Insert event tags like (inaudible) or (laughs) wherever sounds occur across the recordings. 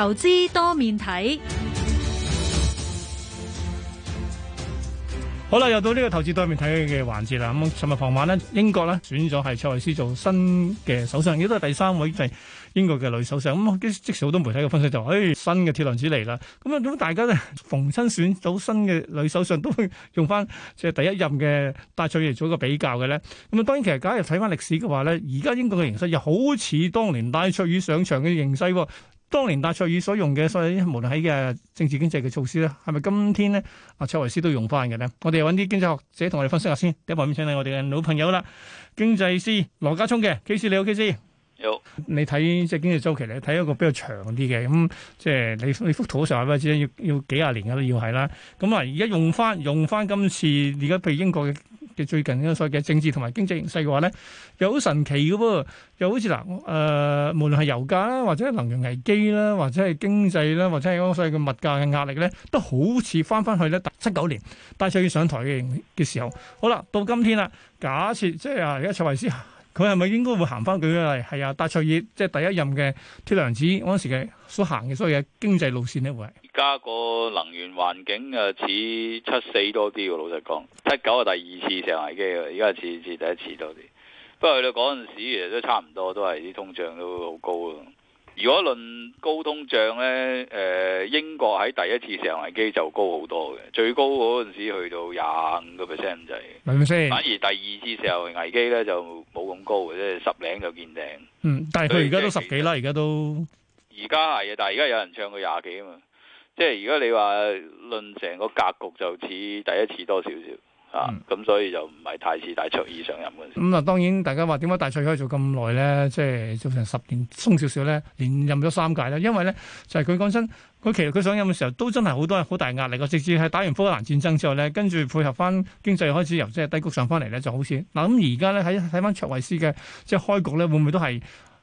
投資多面睇，好啦，又到呢個投資多面睇嘅環節啦。咁尋日傍晚咧，英國咧選咗係卓慧思做新嘅首相，亦都係第三位就係英國嘅女首相。咁即時好多媒體嘅分析，就話，誒、哎，新嘅鐵娘子嚟啦。咁啊，咁大家咧逢親選到新嘅女首相，都會用翻即係第一任嘅戴卓爾做一個比較嘅咧。咁啊，當然其實假如睇翻歷史嘅話呢，而家英國嘅形勢又好似當年戴卓爾上場嘅形勢。當年戴卓爾所用嘅所有無論喺嘅政治經濟嘅措施咧，係咪今天咧阿卓慧思都用翻嘅咧？我哋揾啲經濟學者同我哋分析一下先。請嚟我哋嘅老朋友啦，經濟師羅家聰嘅，K 師你好，K 師。有，你睇即係經濟周期咧，睇一個比較長啲嘅，咁、嗯、即係你你幅圖上係咪要要幾廿年嘅都要係啦。咁啊，而家用翻用翻今次而家譬如英國。最近呢個所謂嘅政治同埋經濟形勢嘅話咧，又好神奇嘅噃，又好似嗱誒，無論係油價啦，或者能源危機啦，或者係經濟啦，或者係嗰個所謂嘅物價嘅壓力咧，都好似返返去咧七九年戴卓爾上台嘅嘅時候。好啦，到今天啦，假設即係啊，而家卓慧思。佢係咪應該會行翻佢係係啊，戴卓爾即係第一任嘅鐵娘子嗰陣時嘅所行嘅所謂嘅經濟路線呢位？而家個能源環境啊似七四多啲喎，老實講七九係第二次石油危機啊，而家似似第一次多啲。不過你嗰陣其實都差唔多，都係啲通脹都好高咯。如果論高通脹咧，誒、呃、英國喺第一次石油危機就高好多嘅，最高嗰陣時去到廿五個 percent 就係，明唔明先？等等。反而第二次石油危機咧就冇咁高嘅，即係十零就見頂。嗯，但係佢而家都十幾啦，而家都而家係嘅，但係而家有人唱佢廿幾啊嘛，即係如果你話論成個格局就似第一次多少少。嗯、啊，咁所以就唔係太似戴卓爾上任嘅。咁啊、嗯，當然大家話點解戴卓爾可以做咁耐咧？即、就、係、是、做成十年鬆少少咧，連任咗三屆咧。因為咧就係佢講真，佢其實佢上任嘅時候都真係好多好大壓力嘅。直至係打完福克蘭戰爭之後咧，跟住配合翻經濟開始由即係低谷上翻嚟咧，就好似嗱。咁而家咧喺睇翻卓慧思嘅即係開局咧，會唔會都係？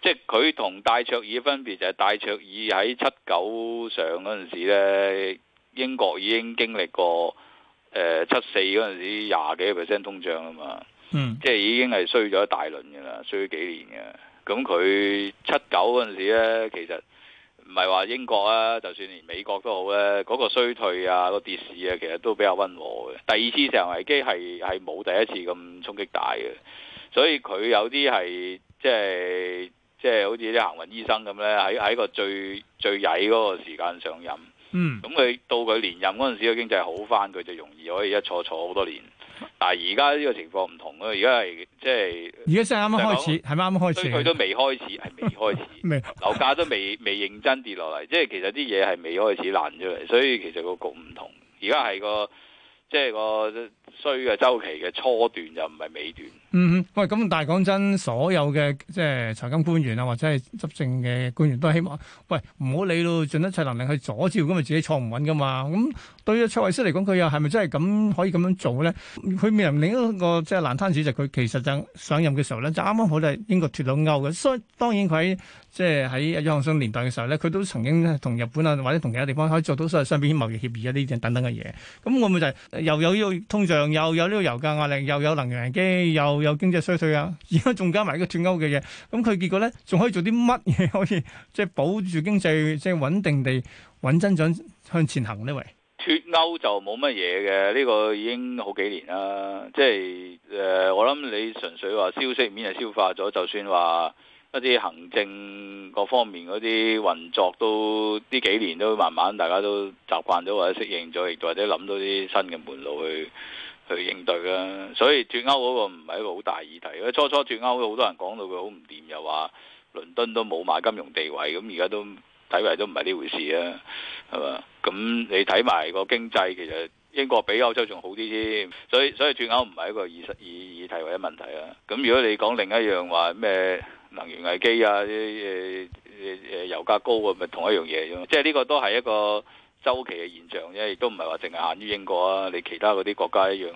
即係佢同戴卓爾分別就係、是、戴卓爾喺七九上嗰陣時咧，英國已經經歷過誒七四嗰陣時廿幾個 percent 通脹啊嘛，嗯，即係已經係衰咗一大輪嘅啦，衰咗幾年嘅。咁佢七九嗰陣時咧，其實唔係話英國啊，就算連美國都好咧，嗰、那個衰退啊，那個跌市啊，其實都比較溫和嘅。第二次石油危機係係冇第一次咁衝擊大嘅，所以佢有啲係、就是、即係。即係好似啲行運醫生咁咧，喺喺個最最曳嗰個時間上任，咁佢、嗯、到佢連任嗰陣時嘅經濟好返，佢就容易可以一坐坐好多年。但係而家呢個情況唔同咯，而家係即係而家先啱啱開始，係啱啱開始，佢都未開始，係未開始，樓 (laughs) 價都未未認真跌落嚟，即係其實啲嘢係未開始爛出嚟，所以其實個局唔同。而家係個即係個衰嘅周期嘅初段，就唔係尾段。嗯嗯，喂，咁但係講真，所有嘅即係財金官員啊，或者係執政嘅官員都希望，喂，唔好理到盡一切能力去阻止。咁咪自己坐唔穩噶嘛？咁對於卓慧思嚟講，佢又係咪真係咁可以咁樣做咧？佢面臨另一個即係爛攤子就佢其實就上任嘅時候咧，就啱啱好就係英國脱到歐嘅，所以當然佢喺即係喺約翰遜年代嘅時候咧，佢都曾經同日本啊或者同其他地方可以做到所謂雙邊貿易協議啊呢啲等等嘅嘢。咁我咪就係又有呢個通脹，又有呢個油價壓力，又有能源機，又有經濟衰退啊！而家仲加埋一個脱歐嘅嘢，咁佢結果咧，仲可以做啲乜嘢可以即係、就是、保住經濟即係、就是、穩定地穩增長向前行呢位？脱歐就冇乜嘢嘅，呢、這個已經好幾年啦。即係誒、呃，我諗你純粹話消息面係消化咗，就算話一啲行政各方面嗰啲運作都呢幾年都慢慢大家都習慣咗或者適應咗，亦或者諗到啲新嘅門路去。去應對啦，所以脱歐嗰個唔係一個好大議題。初初脱歐好多人講到佢好唔掂，又話倫敦都冇買金融地位，咁而家都睇嚟都唔係呢回事啊，係嘛？咁你睇埋個經濟，其實英國比歐洲仲好啲添。所以所以脱歐唔係一個議事議議題或者問題啊。咁如果你講另一樣話咩能源危機啊，啲誒誒油價高啊，咪、就是、同一樣嘢啫。即係呢個都係一個。周期嘅現象，即係亦都唔係話淨係限於英國啊，你其他嗰啲國家一樣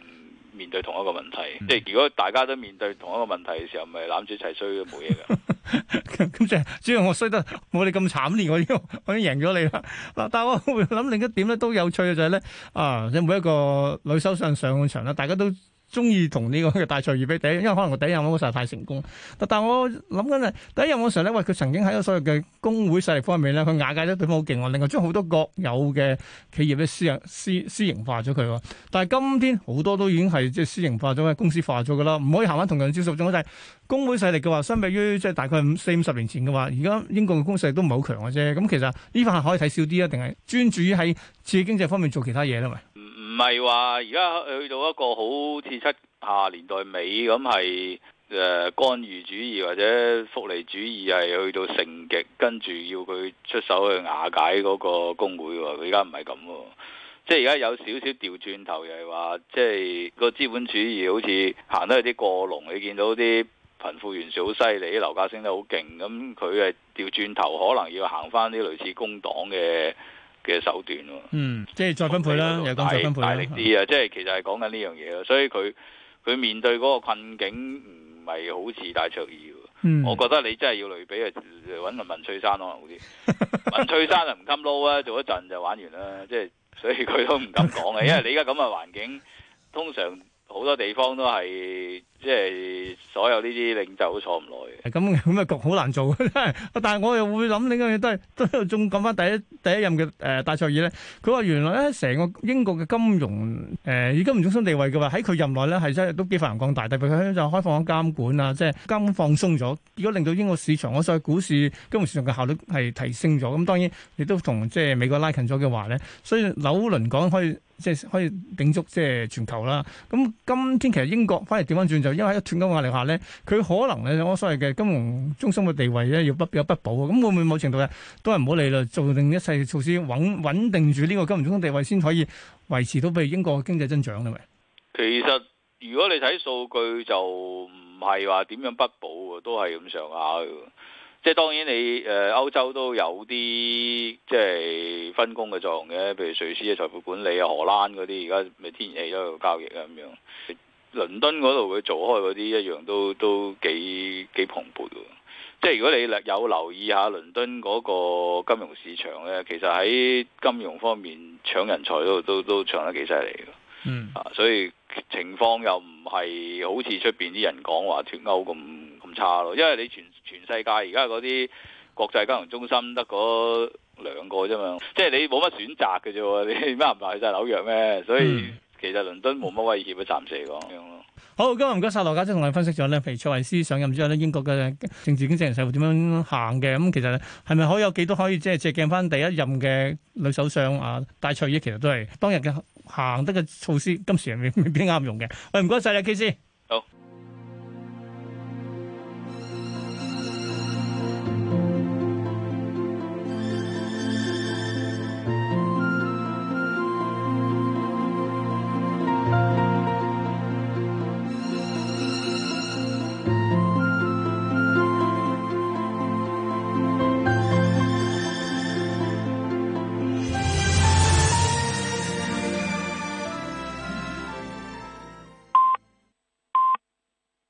面對同一個問題。嗯、即係如果大家都面對同一個問題嘅時候，咪攬住一齊衰都冇嘢㗎。咁就 (laughs) (laughs) 主要我衰得冇你咁慘烈，我已經我已經贏咗你啦。嗱，但係我諗另一點咧都有趣嘅就係、是、咧，啊，你每一個女首相上，上場啦，大家都。中意同呢個戴卓爾比底，因為可能個第一任嗰時候太成功。但但我諗緊第一任嗰時候咧，喂佢曾經喺所謂嘅工會勢力方面咧，佢瓦解得對方好勁，另外將好多國有嘅企業咧私私私營化咗佢，但係今天好多都已經係即係私營化咗，咩公司化咗噶啦，唔可以行翻同樣嘅招數。就係工會勢力嘅話，相比於即係大概四五十年前嘅話，而家英國嘅工勢力都唔係好強嘅啫。咁其實呢份係可以睇少啲啊，定係專注於喺自己經濟方面做其他嘢咧？咪？唔係話而家去到一個好似七十年代尾咁係誒干預主義或者福利主義係去到盛極，跟住要佢出手去瓦解嗰個工會喎。佢而家唔係咁喎，即係而家有少少調轉頭，又係話即係個資本主義好似行得有啲過龍，你見到啲貧富懸殊好犀利，樓價升得好勁，咁佢係調轉頭可能要行翻啲類似工黨嘅。嘅手段喎，啊，嗯，即係再分配啦，又啦大，大力啲啊！嗯，即係其實係講緊呢樣嘢咯，所以佢佢面對嗰個困境唔係好似戴卓爾，嗯，我覺得你真係要類比啊，揾個文翠山可能好啲， (laughs) 文翠山就唔襟撈啊，做一陣就玩完啦，即係所以佢都唔敢講嘅，因為你而家咁嘅環境，通常。好多地方都係即係所有呢啲領袖都坐唔耐嘅。咁咁啊，局好難做。但係我又會諗呢樣嘢，都係都仲講翻第一第一任嘅誒戴卓爾咧。佢話原來咧，成個英國嘅金融誒以金融中心地位嘅話，喺佢任內咧係真係都幾發揚光大。特別佢就開放咗監管啊，即係監管放鬆咗，如果令到英國市場，我所以股市金融市場嘅效率係提升咗。咁當然亦都同即係美國拉近咗嘅話咧，所以紐倫港可以。即係可以頂足，即係全球啦。咁今天其實英國反而調翻轉，就因為一斷金嘅壓力下咧，佢可能咧我所謂嘅金融中心嘅地位咧，要不有不保。咁會唔會某程度咧都係唔好理啦，做定一啲措施穩穩定住呢個金融中心地位，先可以維持到譬如英國經濟增長咧？喂，其實如果你睇數據就唔係話點樣不保，都係咁上下。即係當然你誒、呃、歐洲都有啲即係。分工嘅作用嘅，譬如瑞士嘅財富管理啊、荷蘭嗰啲，而家咪天然氣都有交易啊咁樣。倫敦嗰度佢做開嗰啲一樣都都幾幾蓬勃嘅。即係如果你有留意下倫敦嗰個金融市場呢，其實喺金融方面搶人才都都都搶得幾犀利嗯啊，所以情況又唔係好似出邊啲人講話脱歐咁咁差咯。因為你全全世界而家嗰啲國際金融中心得、嗰個。兩個啫嘛，即係你冇乜選擇嘅啫，你乜唔係就係紐約咩？所以其實倫敦冇乜威脅嘅暫時嚟講。嗯、好，今日唔該晒羅家聰同我分析咗咧，譬如卓慧思上任之後咧，英國嘅政治經濟形勢點樣行嘅？咁其實係咪可以有幾多可以即係借鏡翻第一任嘅女首相啊？戴卓爾其實都係當日嘅行得嘅措施，今時係未必啱用嘅。喂，唔該晒，啊，K C。好。